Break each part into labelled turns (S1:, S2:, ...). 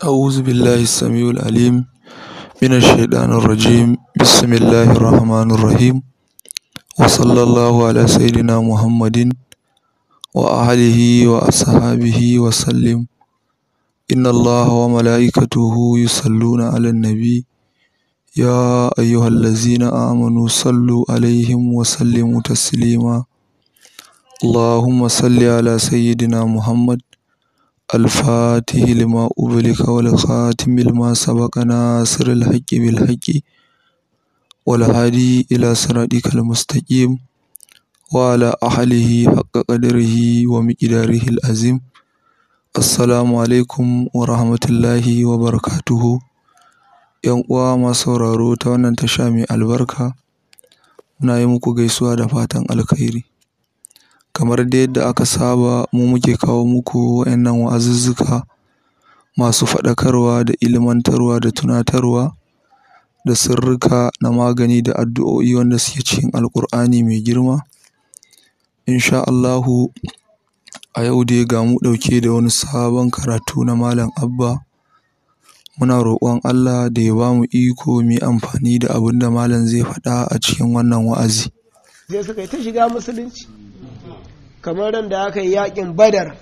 S1: أعوذ بالله السميع العليم من الشيطان الرجيم بسم الله الرحمن الرحيم وصلى الله على سيدنا محمد وآله وأصحابه وسلم إن الله وملائكته يصلون على النبي يا أيها الذين آمنوا صلوا عليهم وسلموا تسليما اللهم صل على سيدنا محمد الفاتح لما أغلق والخاتم لما سبق ناصر الحق بالحق والهادي إلى صراطك المستقيم وعلى أهله حق قدره ومقداره العظيم Assalamu alaikum wa rahmatullahi wa barakatuhu. ‘Yan uwa masu sauraro ta wannan tasha mai albarka, muna yi muku gaisuwa da fatan alkhairi. Kamar dai yadda aka saba mu muke kawo muku wa'innan wa'azuzzuka masu faɗakarwa da ilmantarwa da tunatarwa da sirrika na magani da addu'o'i wanda suke cikin Alkur'ani mai girma. In Allahu a yau dai ga mu ɗauke da wani sabon karatu na Malam Abba. Muna roƙon Allah da ya bamu iko mu amfani da abinda Malam zai faɗa a cikin wannan wa'azi.
S2: Je suka ta shiga Musulunci. kamar ran da aka yi yakin badar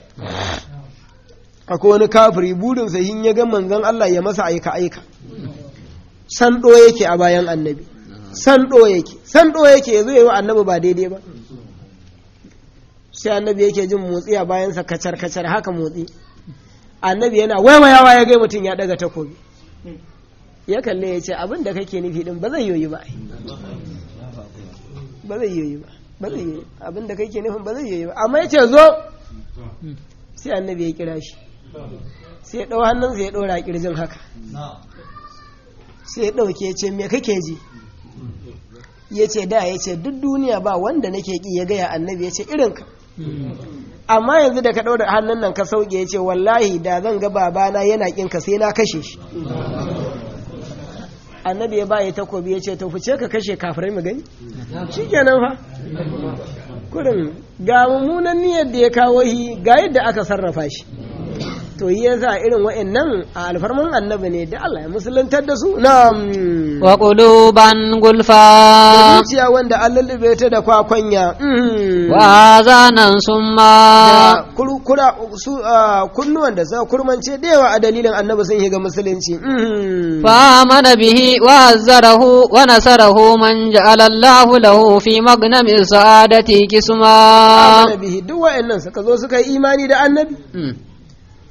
S2: akwai wani kafiri burinsa yin ya ga Allah ya masa aika aika san yake a bayan annabi san yake san yake ya zo wa annabi ba daidai ba sai annabi yake jin motsi a bayansa kacar kacar haka motsi annabi yana waiwayawa ya gai mutum ya daga takobi ya kalle ya ce abin da kake nufi din ba zai yoyi ba ba zai yoyi ba ba zai mm. yi abin da kai ke nufin ba zai yi ba amma yace zo mm. sai annabi ya kira shi sai ya hannun hannunsa ya ɗora a kirjin haka sai ya ɗauke ya ce me kake ji ya ce da ya ce duk duniya ba wanda nake ki ya gaya annabi ya ce ka mm. amma yanzu da ka ɗaura hannun nan ka sauke ya ce wallahi da zan ga babana yana ƙinka sai na kashe shi annabi ya baya takobi ya ce to fice ka kashe kafirai mu gani shi kenan fa kurin ga mummunan niyyar da ya kawo shi ga yadda aka sarrafa shi to yi yasa irin wa'annan a alfarman annabi ne da Allah ya musulantar da su na wa quluban gulfa zuciya wanda an lullube ta da kwakwanya mm. wa zanan summa kura su kunnuwan da za kurmance da yawa a dalilin annabi sun shiga musulunci mm. fa mana bihi wa zarahu wa
S3: nasarahu man ja'ala Allahu lahu fi magnami sa'adati kisma fa mana
S2: bihi duk wa'annan suka zo suka yi imani da annabi mm.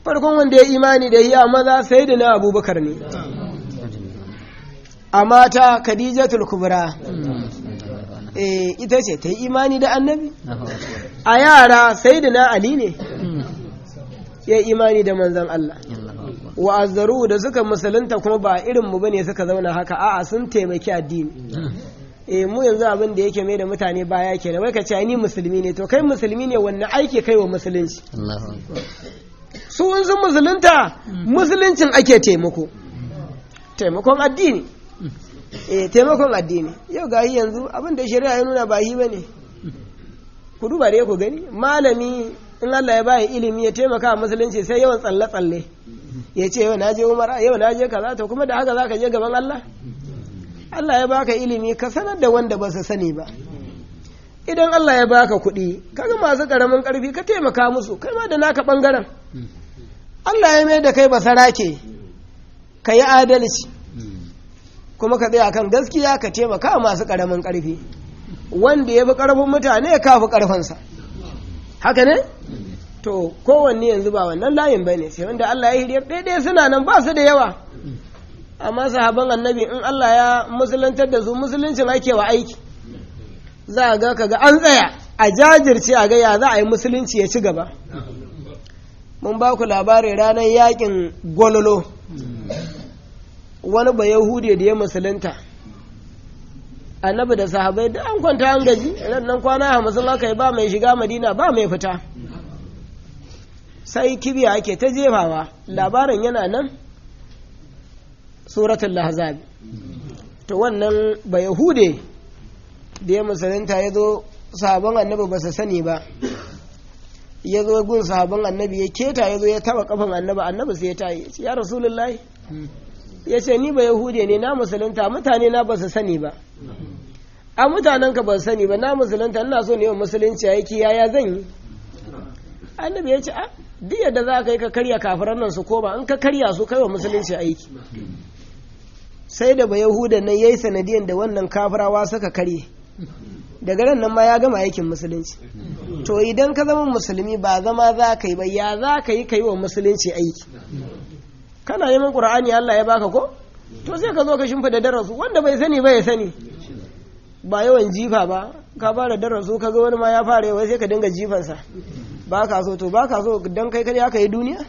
S2: farkon wanda ya imani da a maza sai da na abubakar ne a mata khadijatul kubra eh, ita ce ta yi imani da annabi a yara sai da na ali ne ya imani da manzan Allah wa'azzaru da suka musulunta kuma ba irinmu ne suka zauna haka a sun taimaki addini e mu yanzu abin da yake mai da mutane baya kenan wai ka ce ni musulmi ne to kai musulmi ne wanne aiki kai wa musulunci su sun musulunta mm. musuluncin ake taimako taimakon addini mm. eh taimakon addini yau ga yanzu abin da shari'a ya nuna ba hi ne. ku duba dai ku gani malami in Allah ya bai ilimi ya taimaka musulunci sai yawan tsalle tsalle ya ce yau je Umar yau naje kaza to kuma da haka zaka je gaban Allah Allah ya baka ilimi ka sanar da wanda ba su sani ba idan Allah ya baka kuɗi kaga masu karamin karfi ka taimaka musu kai ma da naka ɓangaren mm. Allah ya mai da kai basara ke ka yi adalci kuma ka tsaya kan gaskiya ka taimaka masu ƙaramin ƙarfi wanda ya fi ƙarfin mutane ya fi ƙarfansa, haka ne to kowanne yanzu ba wannan layin ba ne sai wanda Allah ya hiriyar daidai suna nan ba su da yawa amma sahaban annabi in Allah ya musulantar da su musuluncin ake wa aiki za a ga ga an tsaya a jajirce a ga ya za a yi musulunci ya ci gaba mun ba ku labari ranar yakin gololo wani ba yahudiya da ya musulunta annabi da sahabai da an kwanta an gaji nan kwana hamsin aka yi ba mai shiga madina ba mai fita sai kibiya ake ta jefawa labarin yana nan suratul lahazabi to wannan ba yahude da ya musulunta ya zo sahabban annabi ba su sani ba ya zo gun sahabban annabi ya keta ya zo ya taba kafan annabi annabi sai ya tayi ya rasulullahi ya ce ni ba yahudi ne na musulunta mutane na ba su sani ba a mutanen ka ba su sani ba na musulunta ina so ne yawan musulunci aiki yaya zan yi annabi ya ce a ah, duk yadda za ka yi ka karya kafiran nan su koma in ka karya su kai wa musulunci aiki sai da ba yahudan nan yi sanadiyan da wannan kafirawa suka karye daga nan ma ya gama aikin musulunci to idan ka zama musulmi ba zama za ka yi ba ya za ka yi ka yi wa musulunci aiki kana neman qur'ani Allah ya baka ko to sai ka zo ka shimfida darasu wanda bai sani ba ya sani ba yawan jifa ba ka fara darasu ka ga wani ma ya fara yawa sai ka dinga jifansa ba ka so to ba ka so dan kai kai haka yi duniya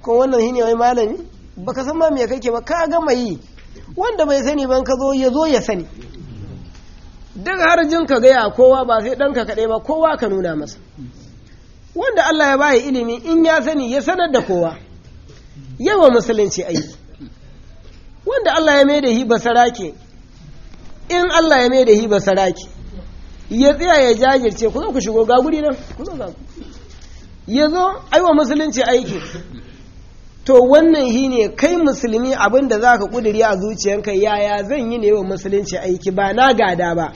S2: ko wannan shine wai malami baka san ma me kake ba ka gama yi wanda bai sani ban ka zo ya zo ya sani duk har jin ka gaya kowa ba sai ɗanka kaɗai ba kowa ka nuna masa wanda Allah ya bayi ilimi in ya sani ya sanar da kowa yawa musulunci aiki wanda Allah ya mai da ba sarake in Allah ya mai da ba sarake ya tsaya ya jajirce ku zo ku shigo ga guri nan ku zo ga ya zo aiwa musulunci aiki to wannan shi ne kai musulmi abin da za ka ƙudiri a zuciyanka yaya zan yi ne wa musulunci aiki ba na gada ba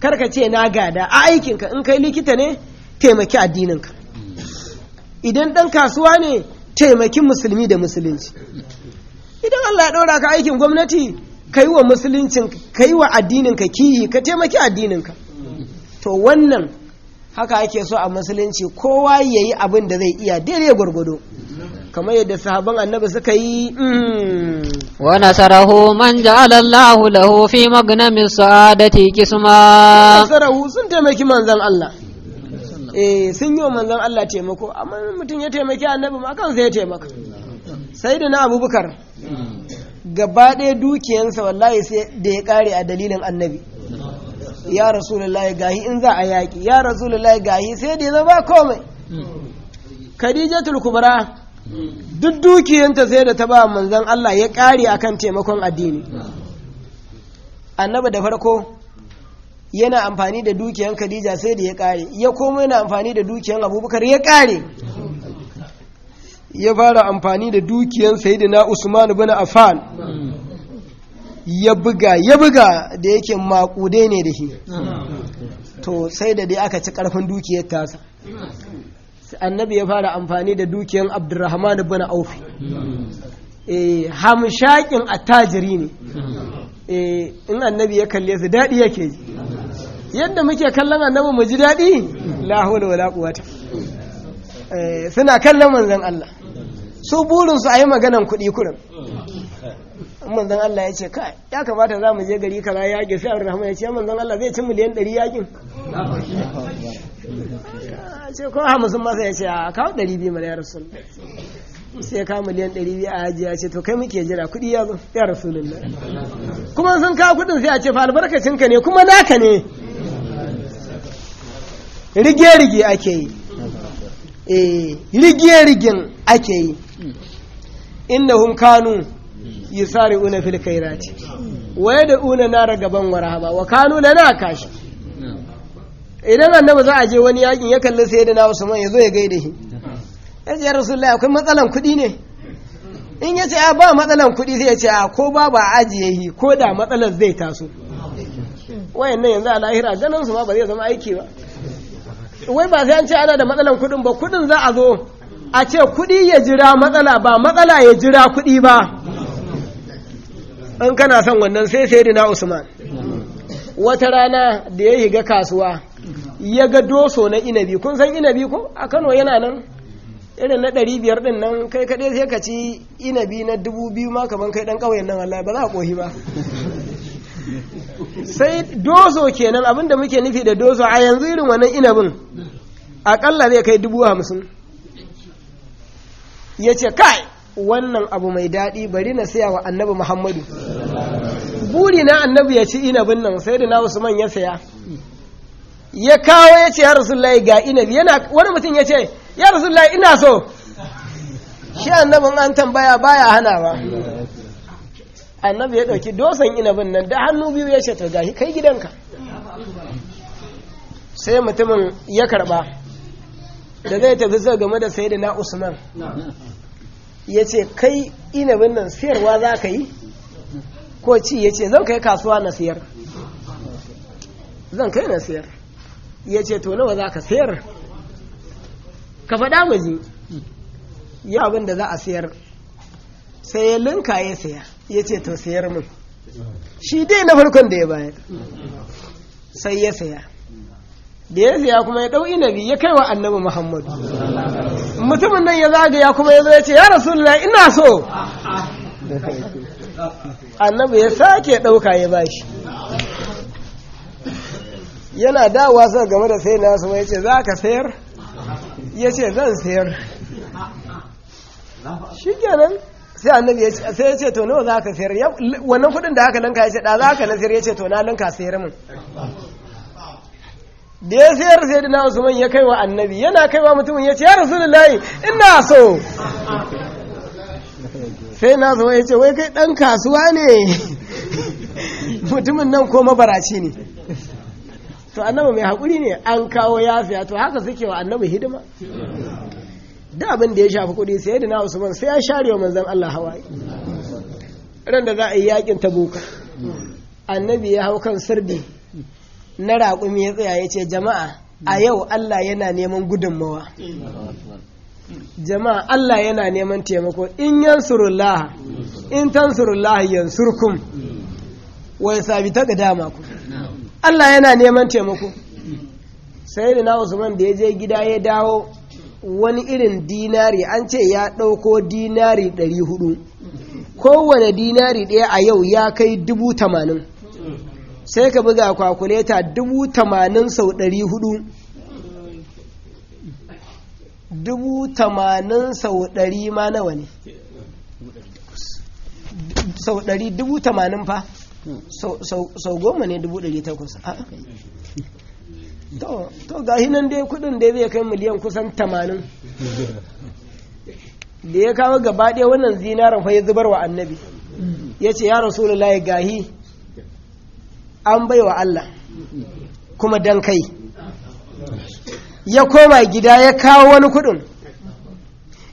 S2: karka ce na gada a aikinka in kai likita ne taimaki addininka idan ɗan kasuwa ne taimaki musulmi da musulunci idan allah ya ɗora ka aikin gwamnati ka yi wa musulunci ka yi wa addininka kiyi ka taimaki addininka to wannan haka ake so a musulunci kowa ya yi abin da zai iya daidai gwargwado kamar yadda sahaban annabi suka yi mm.
S3: wa nasarahu man ja'ala Allah lahu fi magnami sa'adati kisma
S2: nasarahu sun taimaki manzon Allah eh sun yi wa manzon Allah taimako amma mutum ya taimaki annabi ma kansa ya taimaka sayyidina abubakar gaba ɗaya dukiyansa wallahi sai da ya kare a dalilin annabi ya rasulullahi gahi in za a yaƙi ya rasulullahi gahi sai da ya zama komai hmm. khadijatul kubra duk dukiyanta sai da ta ba manzan Allah ya ƙare akan taimakon addini Annabi da farko yana amfani da dukiyan Khadija sai da ya ƙare ya komo yana amfani da dukiyan Abubakar ya ƙare ya fara amfani da dukiyan Sayyidina Usman ibn Afan ya buga ya buga da yake maƙudai ne da shi to sai da dai aka ci ƙarfin dukiyar tasa annabi ya fara amfani da dukiyan abdurrahman ibn auf eh hamshakin attajiri ne eh in annabi ya kalle su dadi yake ji yadda muke kallon annabi mu ji dadi la hawla wala quwwata eh suna kallon manzon Allah su burin su ayi maganan kuɗi kurin manzon Allah ya ce kai ya kamata za mu je gari kaza yaƙi sai Abdurrahman ya ce manzon Allah zai ci miliyan 100 yaƙin ce ko hamsin masa ya ce a kawo ɗari biyu mara ya rasu sai ka miliyan ɗari biyu a ajiya ce to kai muke jira kuɗi ya zo ya rasu kuma sun kawo kuɗin sai a ce fa albarkacinka ne kuma naka ne rige-rige ake yi eh rige-rigen ake yi hun kanu una fil Waye wa una na gaban warahaba wa kanu na na kashi idan annabi za a je wani yakin ya kalli sai da na usman ya zo ya gaida shi ya ce 'Yar rasulullahi akwai matsalan kuɗi ne in ya ce a ba matsalan kuɗi sai ya ce a ko ba ba ajiye shi ko da matsalar zai taso wayan nan yanzu a lahira ganin su ma ba zai zama aiki ba wai ba sai an ce ana da matsalan kuɗin ba kuɗin za a zo a ce kuɗi ya jira matsala ba matsala ya jira kuɗi ba in kana son wannan sai sai na usman wata rana da ya higa kasuwa ya ga doso na inabi kun san inabi ko a kano yana nan irin na ɗari biyar ɗin nan kai kaɗai sai ka ci inabi na dubu ma kaman kai ɗan ƙauyen nan Allah ba za a ƙohi ba sai dozo kenan abinda muke nufi da doso a yanzu irin wannan inabin aƙalla zai kai dubu hamsin ya ce kai wannan abu mai daɗi bari na saya wa annabi muhammadu buri na annabi ya ci inabin nan sai da na usman ya saya ya kawo ya ce ya rasulullahi ga inabi yana wani mutum ya ce ya rasulullahi ina so shi annabin an tambaya baya hana ba annabi ya dauki dosan inabin nan da hannu biyu ya ce gashi kai gidanka sai mutumin ya karba da zai tafi zai game da sai na usman ya ce kai inabin nan sayarwa za ka yi ko ci ya ce zan kai kasuwa na siyar zan kai na siyar ya ce to nawa za ka sayar ka faɗa maji ya abin da za a sayar sai ya linka ya saya ya ce to sayar min shi dai na farkon da ya bayar sai ya saya da ya saya kuma ya na biyu ya kai wa annabi muhammadu mutumin nan ya zagaya kuma ya ya ce ya rasulullah ina so annabi ya sake ɗauka ya bashi yana dawowa sa game da sai nasu mai ce za ka sayar ya ce zan sayar shi kenan sai annabi ya ce sai ya ce to nawa za ka sayar wannan kudin da aka linka ya ce da za ka na sayar ya ce to na ka sayar min da ya sayar sai da na mai ya kai wa annabi yana kai wa mutumin ya ce ya rasulullahi ina so sai na zama ya ce wai kai dan kasuwa ne mutumin nan ko mabaraci ne to annabi mai haƙuri ne an kawo yafiya to haka suke wa annabi hidima da abin da ya shafi kuɗi sai da na usman sai ya share wa manzan allah hawaye ran da za a yi yakin tabuka annabi ya hau kan sirdi na raƙumi ya tsaya ya ce jama'a a yau allah yana neman gudunmawa jama'a allah yana neman taimako in yan surullaha in tan surkum yansurkum sabi ta ga dama ku Allah yana neman taimako sai da Usman da ya je gida ya dawo wani irin dinari an ce ya ɗauko dinari 400 kowane dinari ɗaya a yau ya kai dubu tamanin sai ka buga kwakuleta dubu tamanin sau ɗari dubu tamanin sau ɗari ma nawa ne sau ɗari dubu tamanin fa sau goma ne dubu ɗari takwas ah. to ga hinan dai kudin da zai kai miliyan kusan tamanin da ya kawo gaba wannan zinarin fa ya zubar wa annabi ya ce ya rasulullahi gahi an bai wa Allah kuma dan kai ya koma gida ya kawo wani kudin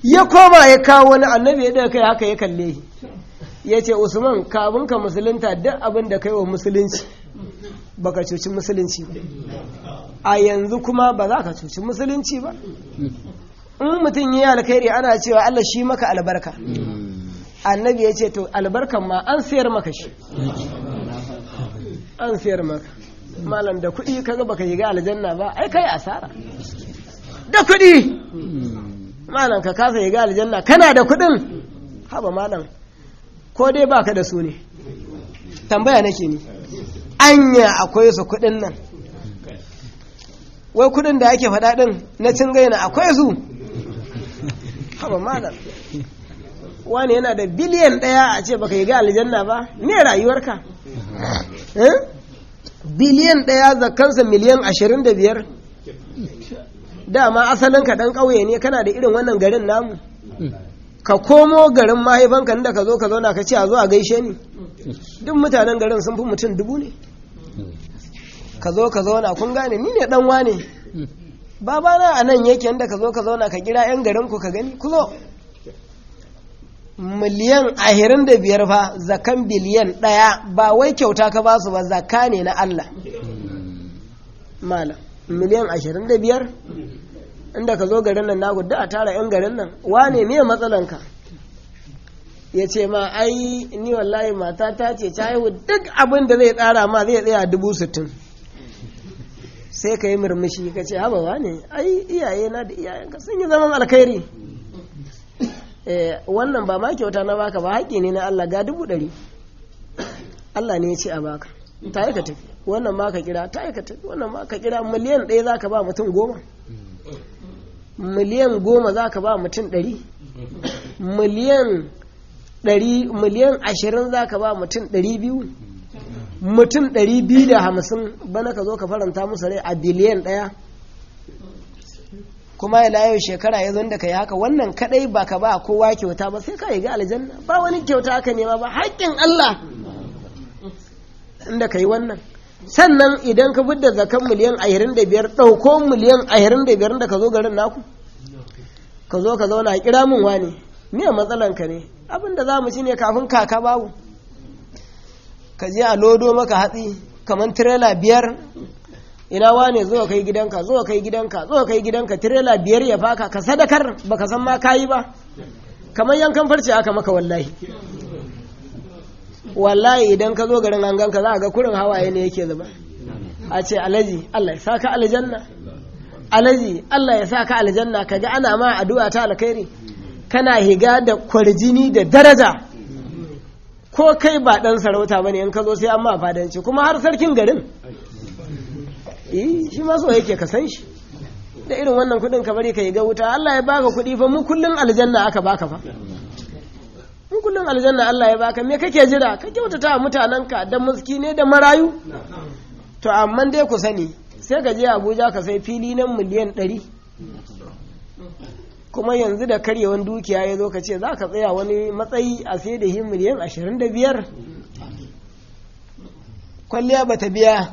S2: ya koma ya kawo wani annabi ya daga kai haka ya kalle shi ya ce usman kafin ka musulunta duk abin da kai wa musulunci baka cuci musulunci ba a yanzu kuma ba za ka cuci musulunci ba in mutum yi alkhairi ana cewa allah shi maka albarka annabi ya ce to albarkan ma an sayar maka shi an sayar maka malam da kuɗi kaga baka shiga aljanna ba ai kai asara da kuɗi malam ka kasa shiga aljanna kana da kuɗin haba malam ko dai baka da su ne tambaya nake ni anya akwai su kudin nan wai kudin da ake faɗa na cin gaina akwai su haba malam wani yana da biliyan ɗaya a ce baka yi ga aljanna ba ne rayuwarka eh? biliyan ɗaya zakansa miliyan ashirin da biyar dama asalin ka ɗan ƙauye ne kana da irin wannan garin namu ka komo garin mahaifanka inda ka zo ka zauna ka ce a zo a gaishe ni duk mutanen garin sun fi mutum dubu ne ka zo ka zauna kun gane ni ne dan wane babana a nan yake inda ka zo ka zauna ka kira 'yan garin ku ka gani ku zo miliyan ahirin da biyar fa zakan biliyan ɗaya ba wai kyauta ka basu ba zaka ne na Allah malam miliyan ashirin da biyar inda ka zo garin nan naku da a tara yan garin nan wane miya matsalanka ya ce ma ai ni wallahi mata ta ce ta haihu duk abin da zai tsara ma zai tsaya dubu sittin sai ka yi murmushi ka ce haba wane ai iyaye na da iyayenka sun yi zaman alkhairi eh, wannan ba ma kyauta na baka ba haƙƙi ne na Allah ga dubu ɗari Allah ne ya ce a baka ta yi ka tafi wannan ma ka kira ta yi ka tafi wannan ma ka kira miliyan ɗaya za ka ba mutum goma miliyan goma za ka ba mutum ɗari miliyan ɗari miliyan ashirin za ka ba mutum ɗari biyu mutum ɗari biyu da hamsin bana ka zo ka faranta musu rai a biliyan ɗaya kuma ya yau shekara ya zan da ka yi haka wannan kadai ba ka ba kowa kyauta ba sai ka yi ga aljanna ba wani kyauta aka nema ba haƙƙin Allah inda ka yi wannan sannan idan ka fidda zakan miliyan ashirin da biyar ɗauko miliyan ashirin da biyar da ka zo garin naku ka zo ka zauna a kira min wane matsalan ka ne abin da za mu shi ne kafin kaka babu ka je a lodo maka hatsi kamar tirela biyar ina wane zo kai gidanka zo kai gidanka zo kai gidanka tirela biyar ya faka ka sadakar baka san ma kayi ba kamar yankan farce aka maka wallahi wallahi idan ka zo garin an ganka za a ga kurin hawaye ne yake zuba a ce alaji Allah ya sa ka aljanna alaji Allah ya sa ka aljanna ga ana ma addu'a ta alkhairi kana higa da kwarjini da daraja ko kai ba dan sarauta bane in ka zo sai an ma fadanci kuma har sarkin garin eh shi ma so yake ka san shi da irin wannan kudin ka bari ka yi ga wuta Allah ya baka kudi fa mu kullun aljanna aka baka fa in kullum aljanna Allah ya baka me kake jira ka kyautata mutanenka da muski ne da marayu to amma dai ku sani sai ka je abuja ka sai fili nan miliyan ɗari kuma yanzu da karyewan dukiya ya zo ka ce za ka tsaya wani matsayi a sai da hin miliyan ashirin biyar kwalliya ba ta biya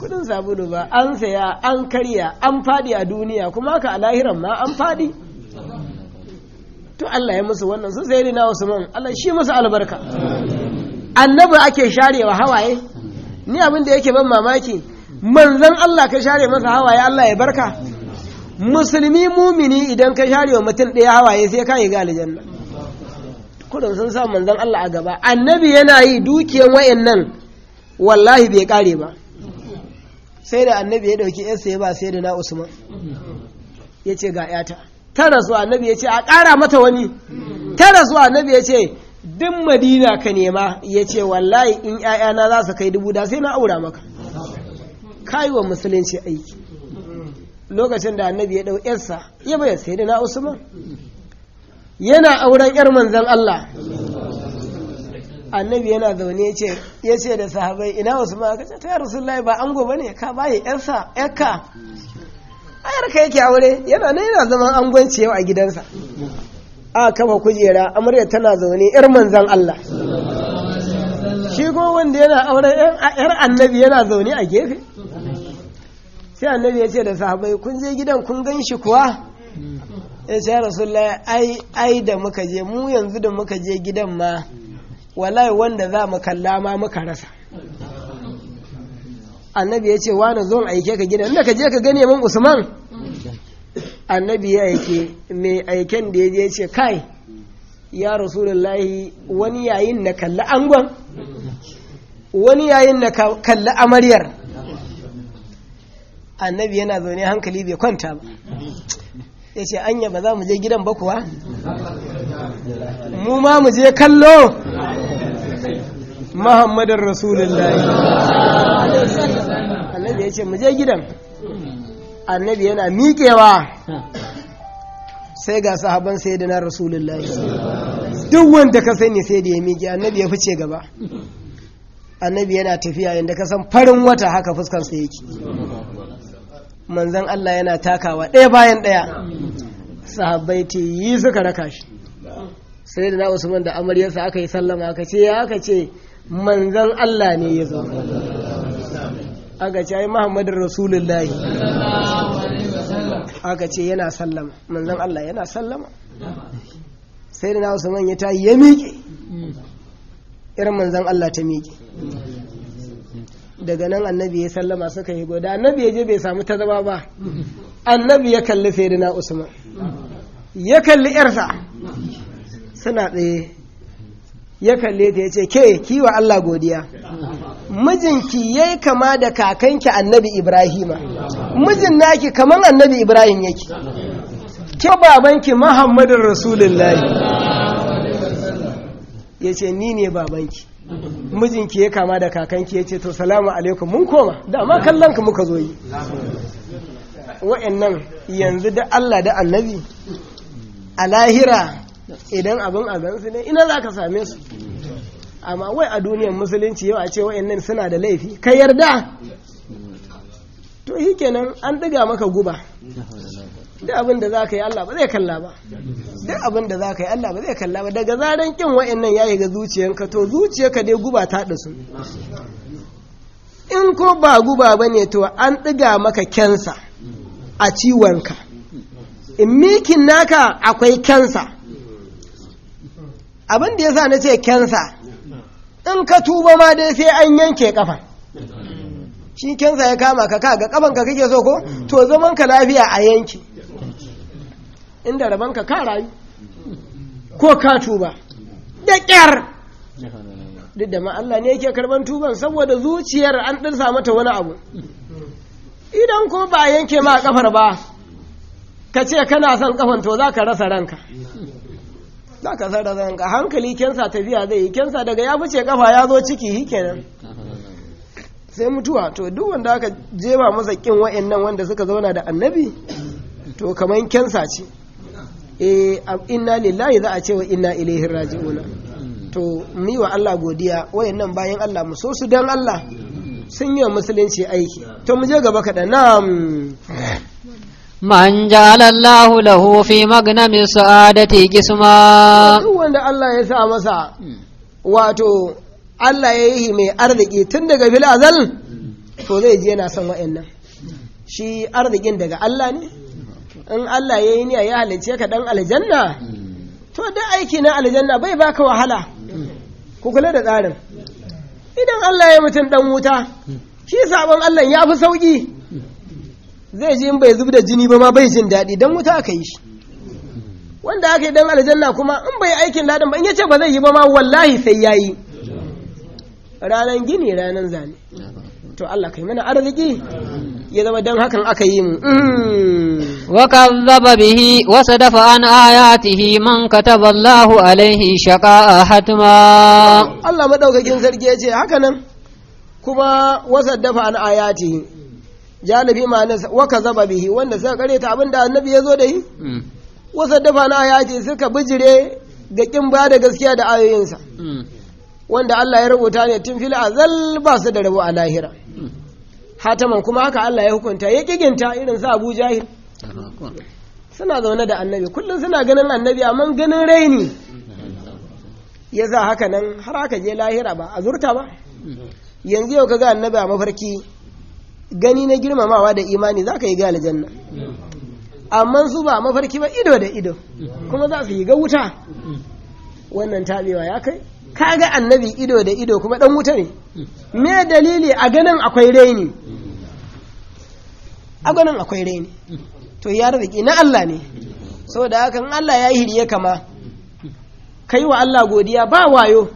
S2: kudin sabulu ba an saya an karya an fadi a duniya kuma ka a lahiran ma an fadi to Allah ya musu wannan su sai na Usman Allah shi musu albarka annabi ake sharewa hawaye ni abin da yake ban mamaki manzon Allah ka share masa hawaye Allah ya barka musulmi mumini idan ka share wa mutum ɗaya hawaye sai ka yi galijanna. aljanna kudin sun sa manzon Allah a gaba annabi yana yi dukiyan nan wallahi bai kare ba sai da annabi ya dauki yarsa ya ba sai da na ya ce ga yata ta zuwa annabi ya ce a ƙara mata wani ta zuwa annabi ya ce duk madina ka nema ya ce wallahi in ‘ya'yana za su kai dubu da sai na aura maka kayi wa musulunci aiki lokacin da annabi ya ɗau ‘yarsa ya bayar sai da na usman yana auren ‘yar manzan Allah annabi yana zaune ya ce da sahabai ina usman ka ce ta yi ba ango ba ne ka bayi ‘yarsa ‘yarka ayar ka yake aure yana nan yana zaman angwanci yau a gidansa a kama kujera amurya tana zaune yar manzan Allah shi kuma wanda yana aure yar annabi yana zaune a gefe sai annabi ya ce da sahabai kun je gidan kun gan shi kuwa ya ce rasu ai ai da muka je mu yanzu da muka je gidan ma wallahi wanda za mu kalla ma muka rasa annabi ya ce wani zon aike ka gidan da ka je ka gani mun usman annabi ya aike mai aiken da ya je ce kai ya rasulullahi wani yayin na kalli angon wani yayin na kalli amaryar annabi yana zaune hankali bai kwanta ba ya ce anya ba za mu je gidan ba kuwa mu ma mu je kallo muhammadin rasulullahi ya ce mu je gidan annabi yana miƙewa sai ga sahaban sai da na rasulullahi duk wanda ka sani sai da ya miƙe annabi ya fice gaba annabi yana tafiya inda ka san farin wata haka fuskan fuskarsa yake manzan Allah yana takawa ɗaya bayan ɗaya sahabbai ta yi suka raka shi sai da na usman da amaryarsa aka yi sallama aka ce ya aka ce manzan Allah ne ya zo aka ce ai muhammadin rasulullahi aka ce yana sallama manzan Allah yana sallama sai da na usman ya ta ya miƙe irin manzan Allah ta miƙe daga nan annabi ya sallama suka yi goda annabi ya je bai samu ta zama ba annabi ya kalli na usman ya kalli yarsa suna tsaye ya kalle ta ya ce ke wa Allah godiya mijinki ya yi kama da kakanki annabi ibrahima mijin naki kaman annabi ibrahim yake ke babanki muhammadin rasulullahi ya ce ni ne babanki mijinki ya kama da kakanki ya ce to salamu alaikum mun koma da kallon kallonka muka zo yi wa'annan yanzu da allah da annabi a lahira idan abin gansu ne ina za ka same su amma wai a duniyar musulunci yau a ce wa'annan suna da laifi ka yarda to yi kenan an ɗiga maka guba duk abin da za ka yi Allah ba zai kalla ba duk abin da za ka yi Allah ba zai kalla ba daga zaren kin wa'annan ya yi ga zuciyanka to zuciyarka dai guba ta da su in ko ba guba ba ne to an ɗiga maka kyansa a ciwonka in mikin naka akwai kyansa abin da ya sa na ce kensa in ka tuba ma dai sai an yanke kafa shi kensa ya kama ka kaga kafan ka kake so ko to zaman lafiya a yanki inda rabon ka ka rayu ko ka tuba da kyar duk da ma'alla ne yake karban tuban saboda zuciyar an ɗinsa mata wani abu idan ko ba a yanke ma kafar ba ka ce kana son kafan to za ka rasa ranka za ka zan ga hankali kensa tafiya zai yi kensa daga ya fice kafa ya zo ciki hi kenan sai mutuwa to duk wanda aka jeba masa kin wa'annan wanda suka zauna da annabi to kamar kensa ce eh inna lillahi za a ce wa inna ilaihi raji'una to mi wa Allah godiya wayannan bayan Allah mu so su dan Allah sun yi musulunci aiki to mu je gaba kaɗa na'am
S3: man jalallahu lahu fi magnami sa'adati gisma duk
S2: wanda Allah ya sa masa wato Allah ya yi mai arziki tun daga fil azal to zai je yana son nan, shi arzikin daga Allah ne in Allah ya yi niyya ya halice ka dan aljanna to dai aiki na aljanna bai baka wahala ku kula da tsarin idan Allah ya mutum dan wuta shi sabon Allah ya fi sauki zai ji in bai zub da jini ba ma bai jin daɗi don wuta aka yi shi wanda aka yi don aljanna kuma in bai aikin daɗin ba in yace ba zai yi ba ma wallahi sai ya yi. ranan gini ranan zane to Allah kai mana arziki ya zama don hakan aka yi mu mm.
S3: wa kazzaba bihi wa sadafa an ayatihi man kataba Allah alaihi shaqa'a hatma
S2: Allah madaukakin sarki yace haka nan kuma wa sadafa an ayatihi Jalibi ma'anar wa zaba bihi wanda suka kare abin abinda annabi ya zo da yi mm. Wasu dafa na ya ce suka bijire ga kin ba da gaskiya da ayoyinsa mm. wanda Allah ya rubuta ne tun fil azal ba su da rabo a lahira mm. hataman kuma haka Allah ya hukunta ya kiginta irin su Abu Jahil suna zaune da annabi kullum suna ganin annabi amma ganin raini ya za haka nan har aka je lahira ba a zurta ba yanzu yau ka ga annabi a mafarki gani na girmamawa da imani za ka yi ga amma su ba mafarki ba ido da ido kuma za su yi ga wuta wannan tabewa ya kai ka ga annabi ido da ido kuma dan wuta ne me dalili a ganin akwai raini a ganin akwai raini to ya arziki na Allah ne saboda haka Allah ya yi hirye kama kai wa Allah godiya ba wayo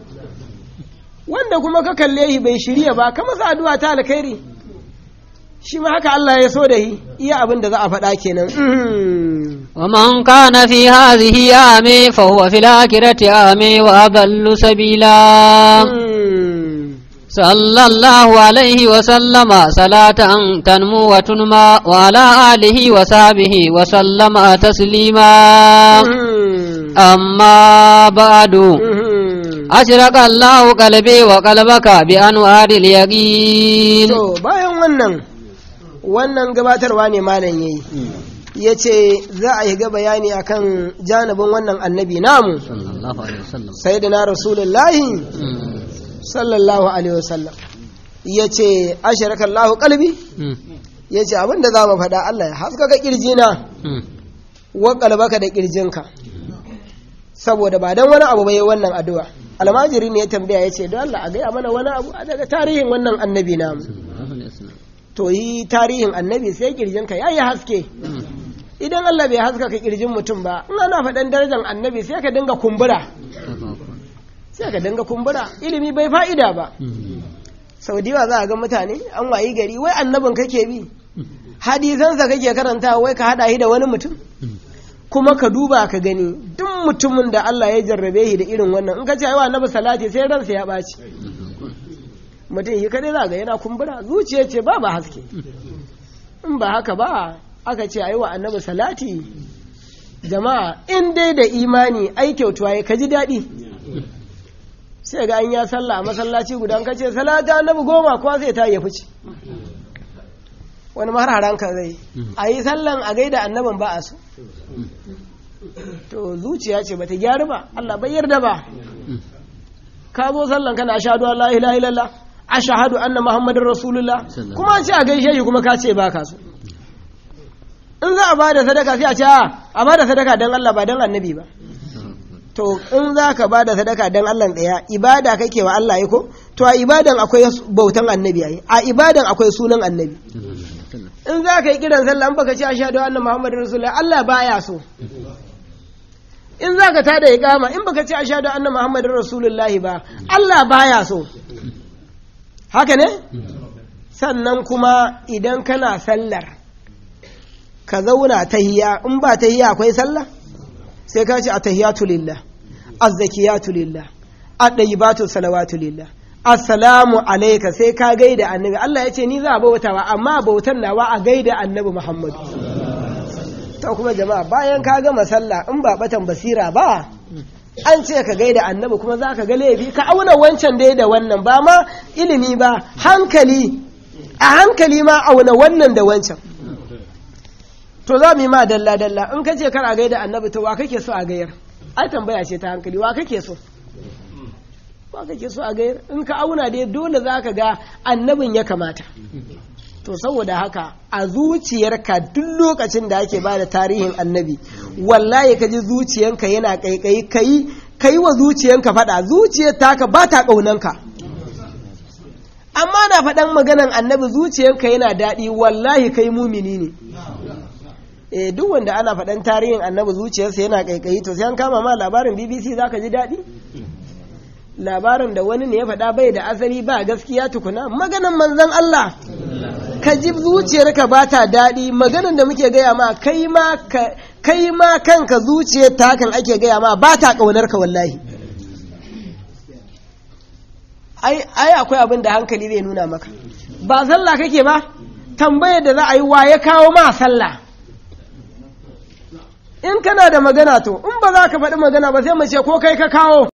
S2: wanda kuma ka kalle shi bai shirya ba kama sa addu'a ta alkhairi shi ma haka Allah ya so da yi iya abin da za a faɗa kenan
S3: wa man kana fi hadhihi ame fa huwa fil akhirati ame wa adallu sabila hmm. sallallahu alaihi wa sallama salatan tanmu wa tunma wa ala alihi wa sahbihi wa sallama taslima hmm. amma ba'du أشرق الله قلبي وقلبك بأنوار اليقين. So,
S2: bayan wannan wannan gabatarwa ne malam yi. Hmm. ya ce za a yi ga bayani akan janabin wannan annabi namu sai da na rasulullahi sallallahu alaihi wasallam ya ce lahu kalbi ya ce abinda za mu faɗa Allah ya haska ka na. Hmm. wa kalbaka da ƙirjinka saboda ba don wani abu bai wannan addu'a almajiri ne ya tambaya ya ce don Allah a gaya mana wani abu daga tarihin wannan annabi namu to yi tarihin annabi sai kirjinka ya yi haske idan Allah bai haska ka kirjin mutum ba in ana faɗan darajar annabi sai ka dinga kumbura sai ka dinga kumbura ilimi bai fa'ida ba sau diwa za a ga mutane an wayi gari wai annabin kake bi hadisansa kake karanta wai ka haɗa shi da wani mutum kuma ka duba ka gani duk mutumin da Allah ya jarrabe shi da irin wannan in ka ce wa annabi salati sai ransa ya ɓaci mutum yi kare za ga yana kumbura zuciya ce ba ba haske in ba haka ba aka ce ayi wa annabi salati jama'a in dai da imani ai kyautuwa ya kaji daɗi sai ga an ya sallah a masallaci guda ka ce salata annabi goma kuma sai ta ya fice wani mahararan ka zai a yi sallan a gaida annaban ba a so to zuciya ce bata gyaru ba Allah bai yarda ba ka zo sallan kana ashhadu an lahi ilaha A shahadu an na muhammadin rasulullah kuma ce a gaishe shi kuma ka ce ba ka so in za a ba da sadaka sai a ce ah, a ba da sadaka dan Allah ba dan annabi ba to in za ka ba da sadaka dan Allah daya ibada kake wa Allah ko to a ibadan akwai bautan annabi yayi a ibadan akwai sunan annabi in za ka yi kiran sallah in baka ce ashhadu anna muhammadin rasulullah Allah baya so in za ka tada iqama in baka ce a ashhadu annan muhammadin rasulullah ba Allah baya so haka ne hmm. sannan kuma idan kana sallar ka zauna tahiya in ba tahiya akwai sallar sai ka ce a tulilla A ɗayi ba ta salawa tulilla assalamu alaika sai ka gaida annabi Allah ya ce ni za a bautawa amma bautan nawa a gaida annabi Muhammadu? ta kuma jama'a bayan ka gama sallah in ba batan basira ba an ce ka gaida annabi kuma za ka ga laifi ka auna wancan dai da wannan ba ma ilimi ba hankali a hankali ma auna wannan da wancan to za mu yi ma dalla dalla in ka ce kar a gaida annabi to wa kake so a gayar ai tambaya ce ta hankali wa kake so wa kake so a gayar in ka auna dai dole za ka ga annabin ya kamata to saboda haka a zuciyarka duk lokacin da ake ba da tarihin annabi wallahi ka ji zuciyanka yana kaikayi kai kai wa zuciyanka fada zuciyar taka ba ta kaunanka amma na faɗan maganan annabi zuciyanka yana daɗi wallahi kai mumini ne Eh duk wanda ana faɗan tarihin annabi zuciyarsa yana kaikayi to sai an kama ma labarin bbc zaka ji daɗi labarin da wani ne ya faɗa bai da asali ba gaskiya tukuna maganan manzon allah ka ji zuciyarka ba ta daɗi maganar da muke gaya ma kai ma kanka zuciyar ta hakan ake gaya ma ba ta ƙaunar wallahi ai akwai abin da hankali zai nuna maka ba sallah kake ba tambayar da za a yi wa ya kawo ma sallah in kana da magana to in ba za ka faɗi magana ba sai mace ko kai ka kawo